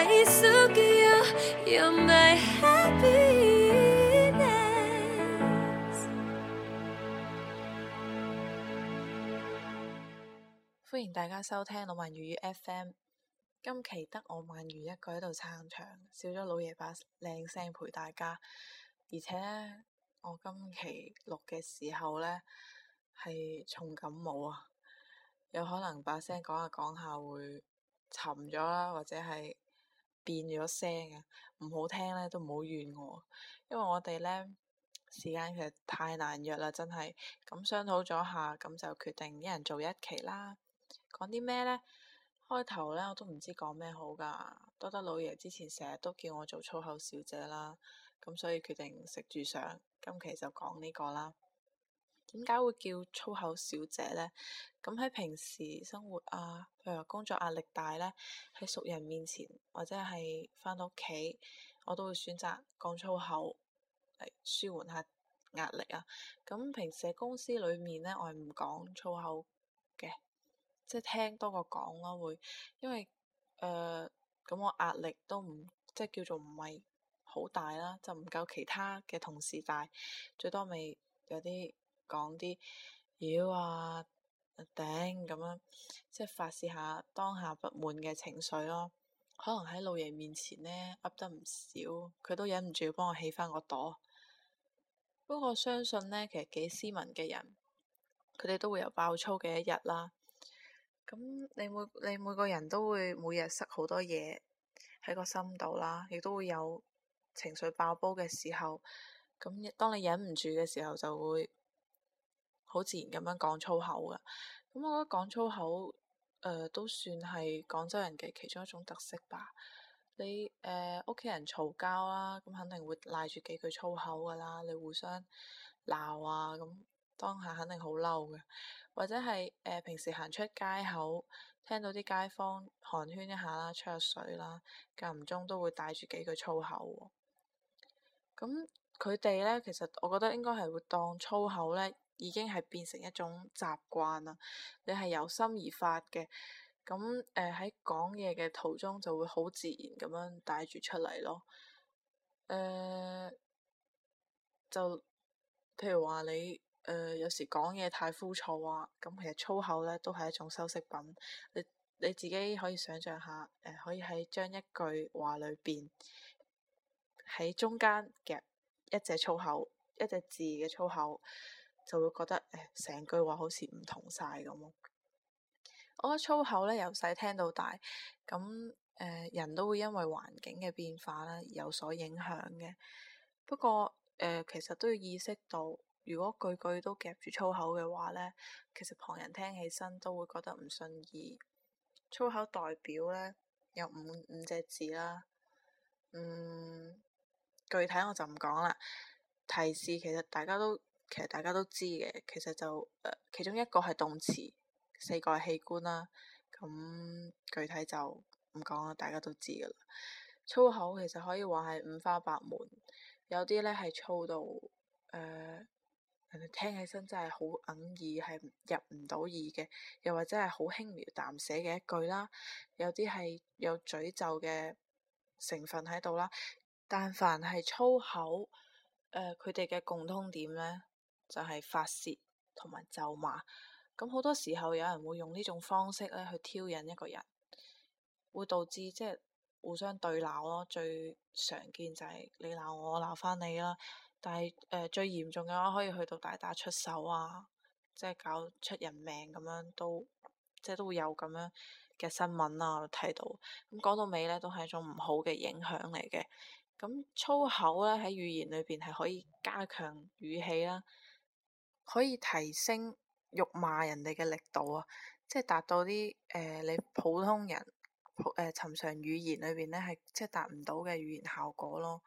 歡迎大家收聽老鰻粵語 FM。今期得我鰻魚一個喺度撐場，少咗老爺把靚聲陪大家。而且我今期錄嘅時候呢，係重感冒啊，有可能把聲講下講下會沉咗啦，或者係變咗聲㗎，唔好聽咧都唔好怨我，因為我哋咧時間其實太難約啦，真係咁商討咗下，咁就決定一人做一期啦。講啲咩呢？開頭咧我都唔知講咩好㗎，多得老爺之前成日都叫我做粗口小姐啦，咁所以決定食住上，今期就講呢個啦。點解會叫粗口小姐呢？咁喺平時生活啊，譬如工作壓力大呢，喺熟人面前或者係返到屋企，我都會選擇講粗口嚟舒緩下壓力啊。咁平時喺公司裏面呢，我係唔講粗口嘅，即係聽多過講咯。會，因為誒咁、呃、我壓力都唔即係叫做唔係好大啦，就唔夠其他嘅同事大，最多咪有啲。講啲妖啊、頂、啊、咁、呃、樣，即係發泄下當下不滿嘅情緒咯。可能喺老爺面前呢，噏得唔少，佢都忍唔住要幫我起翻個朵。不過相信呢，其實幾斯文嘅人，佢哋都會有爆粗嘅一日啦。咁你每你每個人都會每日塞好多嘢喺個心度啦，亦都會有情緒爆煲嘅時候。咁當你忍唔住嘅時候，就會，好自然咁樣講粗口嘅，咁我覺得講粗口都算係廣州人嘅其中一種特色吧。你誒屋企人嘈交啦，咁肯定會賴住幾句粗口噶啦。你互相鬧啊，咁當下肯定好嬲嘅，或者係誒、呃、平時行出街口，聽到啲街坊寒暄一下啦、吹下水啦，間唔中都會帶住幾句粗口喎。咁佢哋呢，其實我覺得應該係會當粗口呢。已經係變成一種習慣啦。你係由心而發嘅，咁誒喺講嘢嘅途中就會好自然咁樣帶住出嚟咯。誒、呃、就譬如話你誒、呃、有時講嘢太枯燥啊，咁其實粗口咧都係一種修飾品。你你自己可以想象下誒、呃，可以喺將一句話裏邊喺中間夾一隻粗口，一隻字嘅粗口。就會覺得誒，成句話好似唔同晒咁。我覺得粗口咧，由細聽到大，咁誒、呃，人都會因為環境嘅變化咧有所影響嘅。不過誒、呃，其實都要意識到，如果句句都夾住粗口嘅話咧，其實旁人聽起身都會覺得唔順耳。粗口代表咧有五五隻字啦，嗯，具體我就唔講啦。提示其實大家都。其實大家都知嘅，其實就誒、呃、其中一個係動詞，四個係器官啦。咁、嗯、具體就唔講啦，大家都知噶啦。粗口其實可以話係五花八門，有啲咧係粗到誒、呃、人哋聽起身真係好哽耳，係入唔到耳嘅；又或者係好輕描淡寫嘅一句啦，有啲係有詛咒嘅成分喺度啦。但凡係粗口，誒佢哋嘅共通點咧，就係發泄同埋咒罵，咁好多時候有人會用呢種方式咧去挑釁一個人，會導致即係、就是、互相對鬧咯。最常見就係你鬧我，我鬧翻你啦。但係誒、呃、最嚴重嘅話可以去到大打出手啊，即、就、係、是、搞出人命咁樣都即係、就是、都會有咁樣嘅新聞啊睇到，咁講到尾咧都係一種唔好嘅影響嚟嘅。咁粗口咧喺語言裏邊係可以加強語氣啦。可以提升辱罵人哋嘅力度啊，即係達到啲誒、呃、你普通人普誒尋常語言裏邊咧係即係達唔到嘅語言效果咯。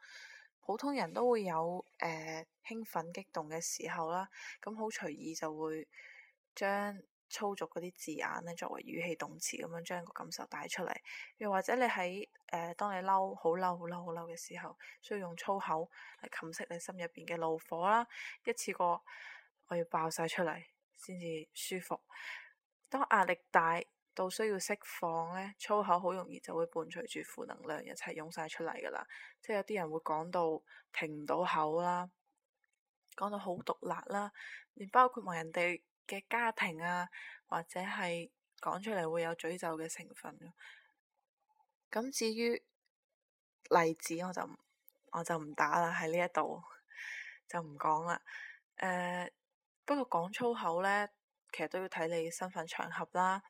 普通人都會有誒、呃、興奮激動嘅時候啦，咁好隨意就會將粗俗嗰啲字眼咧作為語氣動詞咁樣將個感受帶出嚟。又或者你喺誒、呃、當你嬲好嬲好嬲好嬲嘅時候，需要用粗口嚟冚熄你心入邊嘅怒火啦，一次過。我要爆晒出嚟先至舒服。當壓力大到需要釋放咧，粗口好容易就會伴隨住負能量一齊湧晒出嚟噶啦。即係有啲人會講到停唔到口啦，講到好毒辣啦，連包括話人哋嘅家庭啊，或者係講出嚟會有詛咒嘅成分。咁至於例子，我就我就唔打啦，喺呢一度就唔講啦。誒、呃。不過講粗口咧，其實都要睇你身份場合啦。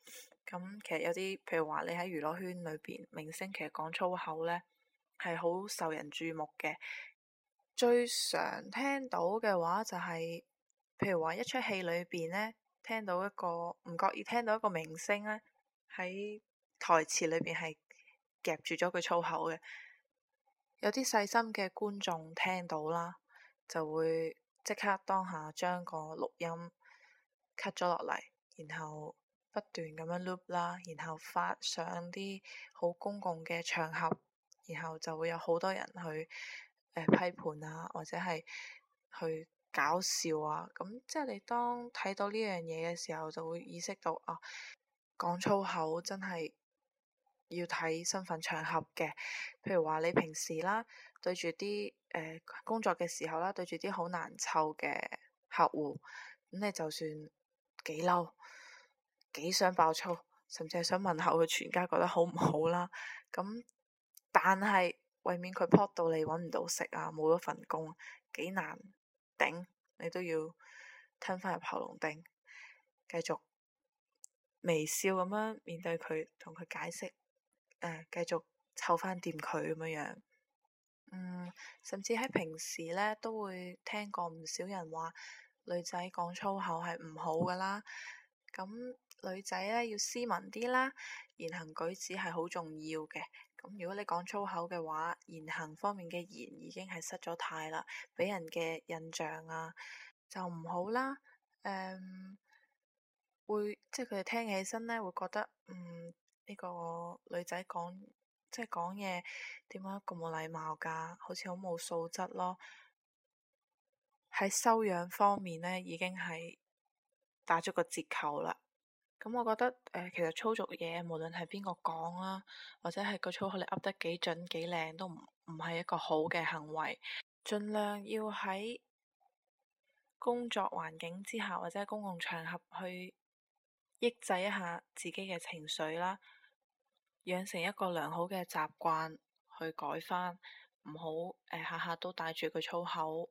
咁、嗯、其實有啲，譬如話你喺娛樂圈裏邊，明星其實講粗口咧，係好受人注目嘅。最常聽到嘅話就係、是，譬如話一出戲裏邊咧，聽到一個唔覺意聽到一個明星咧，喺台詞裏邊係夾住咗句粗口嘅。有啲細心嘅觀眾聽到啦，就會。即刻當下將個錄音 cut 咗落嚟，然後不斷咁樣 loop 啦，然後發上啲好公共嘅場合，然後就會有好多人去誒、呃、批判啊，或者係去搞笑啊，咁即係你當睇到呢樣嘢嘅時候，就會意識到啊，講粗口真係～要睇身份場合嘅，譬如話你平時啦，對住啲誒工作嘅時候啦，對住啲好難湊嘅客戶，咁你就算幾嬲，幾想爆粗，甚至係想問候佢全家覺得好唔好啦，咁但係為免佢撲到你搵唔到食啊，冇咗份工，幾難頂，你都要吞翻入喉嚨頂，繼續微笑咁樣面對佢，同佢解釋。誒，繼續湊翻掂佢咁樣樣，甚至喺平時呢都會聽過唔少人話女仔講粗口係唔好噶啦，咁、嗯、女仔呢要斯文啲啦，言行舉止係好重要嘅，咁、嗯、如果你講粗口嘅話，言行方面嘅言已經係失咗態啦，俾人嘅印象啊就唔好啦，誒、嗯，會即係佢哋聽起身呢會覺得嗯。呢個女仔講，即係講嘢點解咁冇禮貌噶？好似好冇素質咯，喺修養方面呢，已經係打咗個折扣啦。咁、嗯、我覺得誒、呃，其實粗俗嘢無論係邊個講啦，或者係個粗口你噏得幾準幾靚，都唔唔係一個好嘅行為。盡量要喺工作環境之下或者喺公共場合去。抑制一下自己嘅情緒啦，養成一個良好嘅習慣去改翻，唔好呃、下下都帶住個粗口。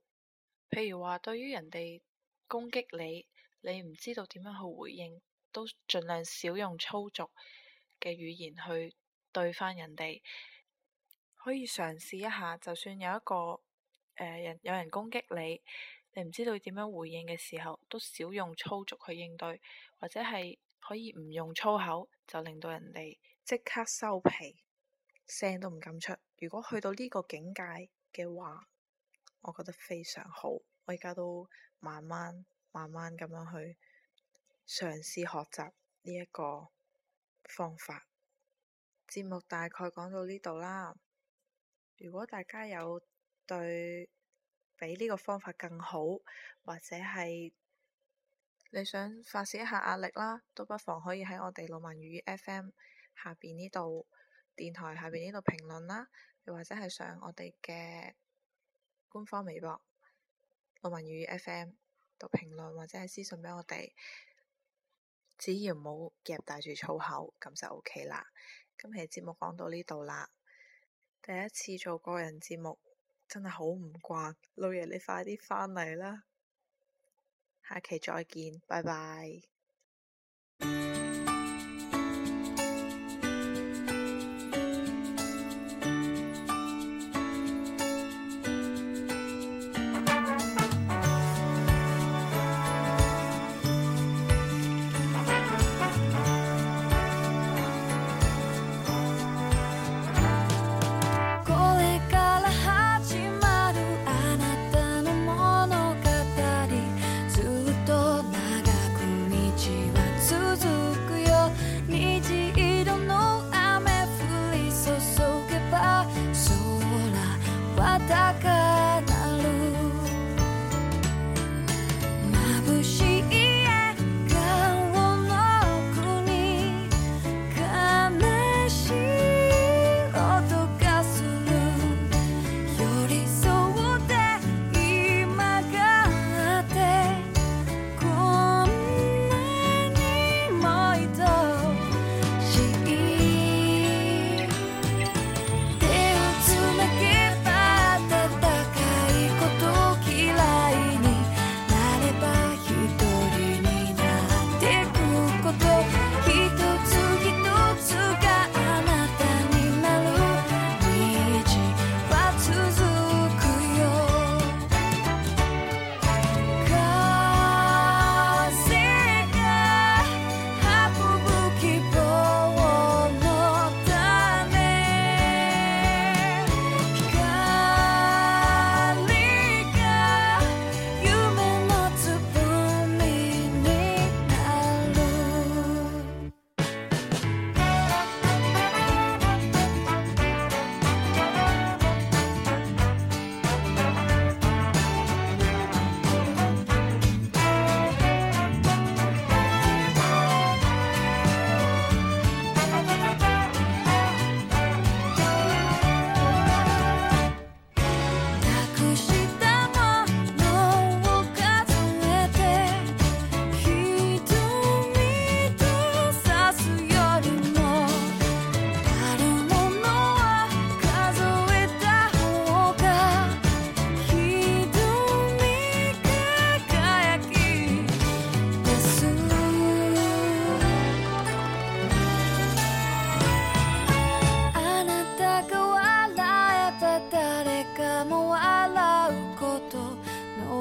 譬如話，對於人哋攻擊你，你唔知道點樣去回應，都盡量少用粗俗嘅語言去對翻人哋。可以嘗試一下，就算有一個人、呃、有人攻擊你。你唔知道點樣回應嘅時候，都少用粗俗去應對，或者係可以唔用粗口，就令到人哋即刻收皮，聲都唔敢出。如果去到呢個境界嘅話，我覺得非常好。我而家都慢慢慢慢咁樣去嘗試學習呢一個方法。節目大概講到呢度啦。如果大家有對，比呢個方法更好，或者係你想發泄一下壓力啦，都不妨可以喺我哋《浪漫粵語 F M》下下邊呢度電台下邊呢度評論啦，又或者係上我哋嘅官方微博《浪漫粵語 F M》度評論，或者係私信俾我哋，只要唔好夾帶住粗口，咁就 O K 啦。今期節目講到呢度啦，第一次做個人節目。真係好唔慣，老爺你快啲返嚟啦！下期再見，拜拜。